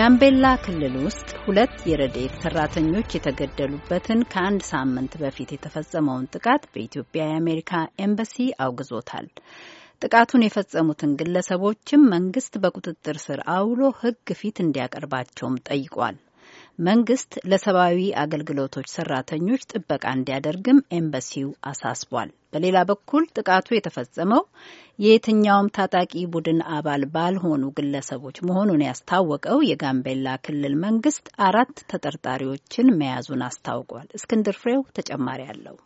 በጋምቤላ ክልል ውስጥ ሁለት የረድኤት ሰራተኞች የተገደሉበትን ከአንድ ሳምንት በፊት የተፈጸመውን ጥቃት በኢትዮጵያ የአሜሪካ ኤምባሲ አውግዞታል። ጥቃቱን የፈጸሙትን ግለሰቦችም መንግስት በቁጥጥር ስር አውሎ ሕግ ፊት እንዲያቀርባቸውም ጠይቋል። መንግስት ለሰብአዊ አገልግሎቶች ሰራተኞች ጥበቃ እንዲያደርግም ኤምባሲው አሳስቧል። በሌላ በኩል ጥቃቱ የተፈጸመው የየትኛውም ታጣቂ ቡድን አባል ባልሆኑ ግለሰቦች መሆኑን ያስታወቀው የጋምቤላ ክልል መንግስት አራት ተጠርጣሪዎችን መያዙን አስታውቋል። እስክንድር ፍሬው ተጨማሪ አለው።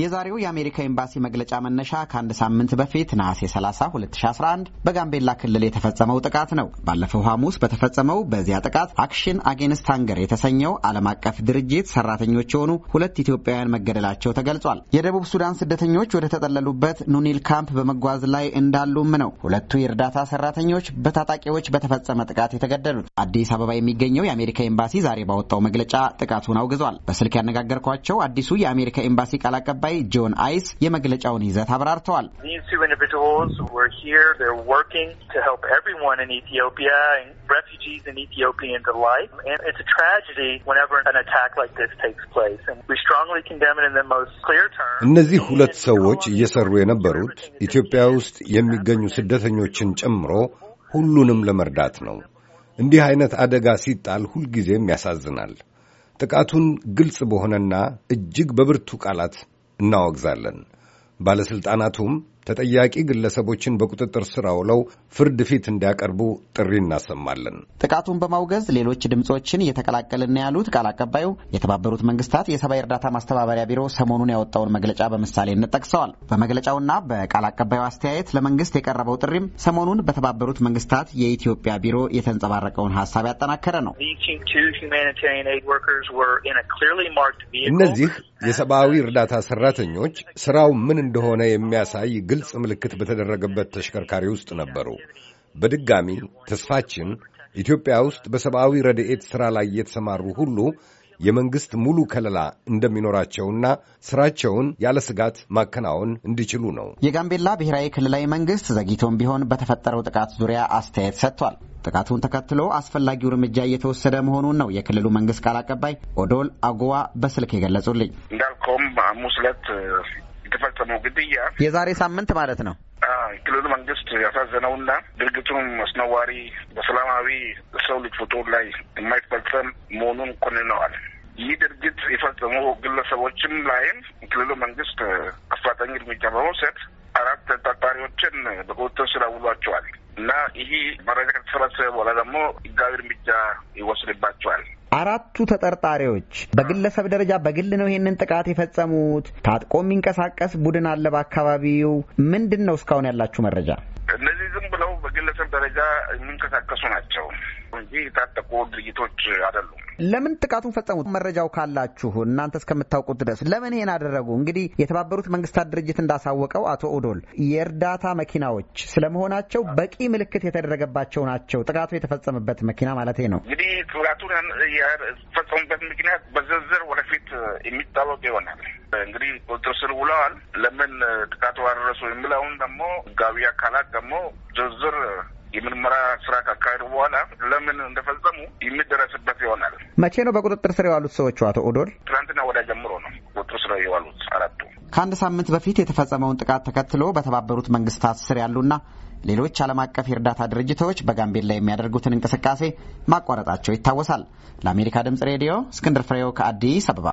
የዛሬው የአሜሪካ ኤምባሲ መግለጫ መነሻ ከአንድ ሳምንት በፊት ነሐሴ 30 2011 በጋምቤላ ክልል የተፈጸመው ጥቃት ነው። ባለፈው ሐሙስ በተፈጸመው በዚያ ጥቃት አክሽን አጌንስት ሃንገር የተሰኘው ዓለም አቀፍ ድርጅት ሰራተኞች የሆኑ ሁለት ኢትዮጵያውያን መገደላቸው ተገልጿል። የደቡብ ሱዳን ስደተኞች ወደ ተጠለሉበት ኑኒል ካምፕ በመጓዝ ላይ እንዳሉም ነው ሁለቱ የእርዳታ ሰራተኞች በታጣቂዎች በተፈጸመ ጥቃት የተገደሉት። አዲስ አበባ የሚገኘው የአሜሪካ ኤምባሲ ዛሬ ባወጣው መግለጫ ጥቃቱን አውግዟል። በስልክ ያነጋገርኳቸው አዲሱ የአሜሪካ ኤምባሲ ቃል አቀባይ ተወካይ ጆን አይስ የመግለጫውን ይዘት አብራርተዋል። እነዚህ ሁለት ሰዎች እየሰሩ የነበሩት ኢትዮጵያ ውስጥ የሚገኙ ስደተኞችን ጨምሮ ሁሉንም ለመርዳት ነው። እንዲህ አይነት አደጋ ሲጣል ሁልጊዜም ያሳዝናል። ጥቃቱን ግልጽ በሆነና እጅግ በብርቱ ቃላት እናወግዛለን። ባለሥልጣናቱም ተጠያቂ ግለሰቦችን በቁጥጥር ስር አውለው ፍርድ ፊት እንዲያቀርቡ ጥሪ እናሰማለን። ጥቃቱን በማውገዝ ሌሎች ድምፆችን እየተቀላቀልን ያሉት ቃል አቀባዩ የተባበሩት መንግስታት የሰብአዊ እርዳታ ማስተባበሪያ ቢሮ ሰሞኑን ያወጣውን መግለጫ በምሳሌነት ጠቅሰዋል። በመግለጫውና በቃል አቀባዩ አስተያየት ለመንግስት የቀረበው ጥሪም ሰሞኑን በተባበሩት መንግስታት የኢትዮጵያ ቢሮ የተንጸባረቀውን ሀሳብ ያጠናከረ ነው። እነዚህ የሰብአዊ እርዳታ ሰራተኞች ስራው ምን እንደሆነ የሚያሳይ ግልጽ ምልክት በተደረገበት ተሽከርካሪ ውስጥ ነበሩ። በድጋሚ ተስፋችን ኢትዮጵያ ውስጥ በሰብአዊ ረድኤት ሥራ ላይ የተሰማሩ ሁሉ የመንግሥት ሙሉ ከለላ እንደሚኖራቸውና ሥራቸውን ያለ ስጋት ማከናወን እንዲችሉ ነው። የጋምቤላ ብሔራዊ ክልላዊ መንግሥት ዘግይቶም ቢሆን በተፈጠረው ጥቃት ዙሪያ አስተያየት ሰጥቷል። ጥቃቱን ተከትሎ አስፈላጊው እርምጃ እየተወሰደ መሆኑን ነው የክልሉ መንግሥት ቃል አቀባይ ኦዶል አጎዋ በስልክ የገለጹልኝ። እንዳልከውም ሐሙስ ዕለት የተፈጸመው ግድያ የዛሬ ሳምንት ማለት ነው። የክልሉ መንግስት ያሳዘነውና ድርጊቱም አስነዋሪ በሰላማዊ ሰው ልጅ ፍጡር ላይ የማይፈጸም መሆኑን ኮንነዋል። ይህ ድርጊት የፈጸሙ ግለሰቦችም ላይም የክልሉ መንግስት አፋጣኝ እርምጃ በመውሰድ አራት ተጠርጣሪዎችን በቁጥጥር ስር አውሏቸዋል እና ይህ መረጃ ከተሰበሰበ በኋላ ደግሞ ህጋዊ እርምጃ ይወስድባቸዋል። አራቱ ተጠርጣሪዎች በግለሰብ ደረጃ በግል ነው ይሄንን ጥቃት የፈጸሙት? ታጥቆ የሚንቀሳቀስ ቡድን አለ በአካባቢው? ምንድን ነው እስካሁን ያላችሁ መረጃ? እነዚህ ዝም ብለው በግለሰብ ደረጃ የሚንቀሳቀሱ ናቸው እንጂ የታጠቁ ድርጅቶች አይደሉም። ለምን ጥቃቱን ፈጸሙት? መረጃው ካላችሁ እናንተ እስከምታውቁት ድረስ ለምን ይሄን አደረጉ? እንግዲህ የተባበሩት መንግስታት ድርጅት እንዳሳወቀው አቶ ኦዶል የእርዳታ መኪናዎች ስለመሆናቸው በቂ ምልክት የተደረገባቸው ናቸው። ጥቃቱ የተፈጸመበት መኪና ማለት ነው። እንግዲህ ጥቃቱን የፈጸሙበት ምክንያት በዝርዝር ወደፊት የሚታወቅ ይሆናል። እንግዲህ ቁጥጥር ስር ውለዋል። ለምን ጥቃቱ አደረሱ የሚለውን ደግሞ ህጋዊ አካላት ደግሞ ዝርዝር የምርመራ ስራ ካካሄዱ በኋላ ለምን እንደፈጸሙ የሚደረስበት ይሆናል። መቼ ነው በቁጥጥር ስር የዋሉት ሰዎቹ? አቶ ኦዶል ትናንትና ወዳ ጀምሮ ነው ቁጥጥር ስር የዋሉት አራቱ። ከአንድ ሳምንት በፊት የተፈጸመውን ጥቃት ተከትሎ በተባበሩት መንግስታት ስር ያሉና ሌሎች ዓለም አቀፍ የእርዳታ ድርጅቶች በጋምቤላ የሚያደርጉትን እንቅስቃሴ ማቋረጣቸው ይታወሳል። ለአሜሪካ ድምጽ ሬዲዮ እስክንድር ፍሬው ከአዲስ አበባ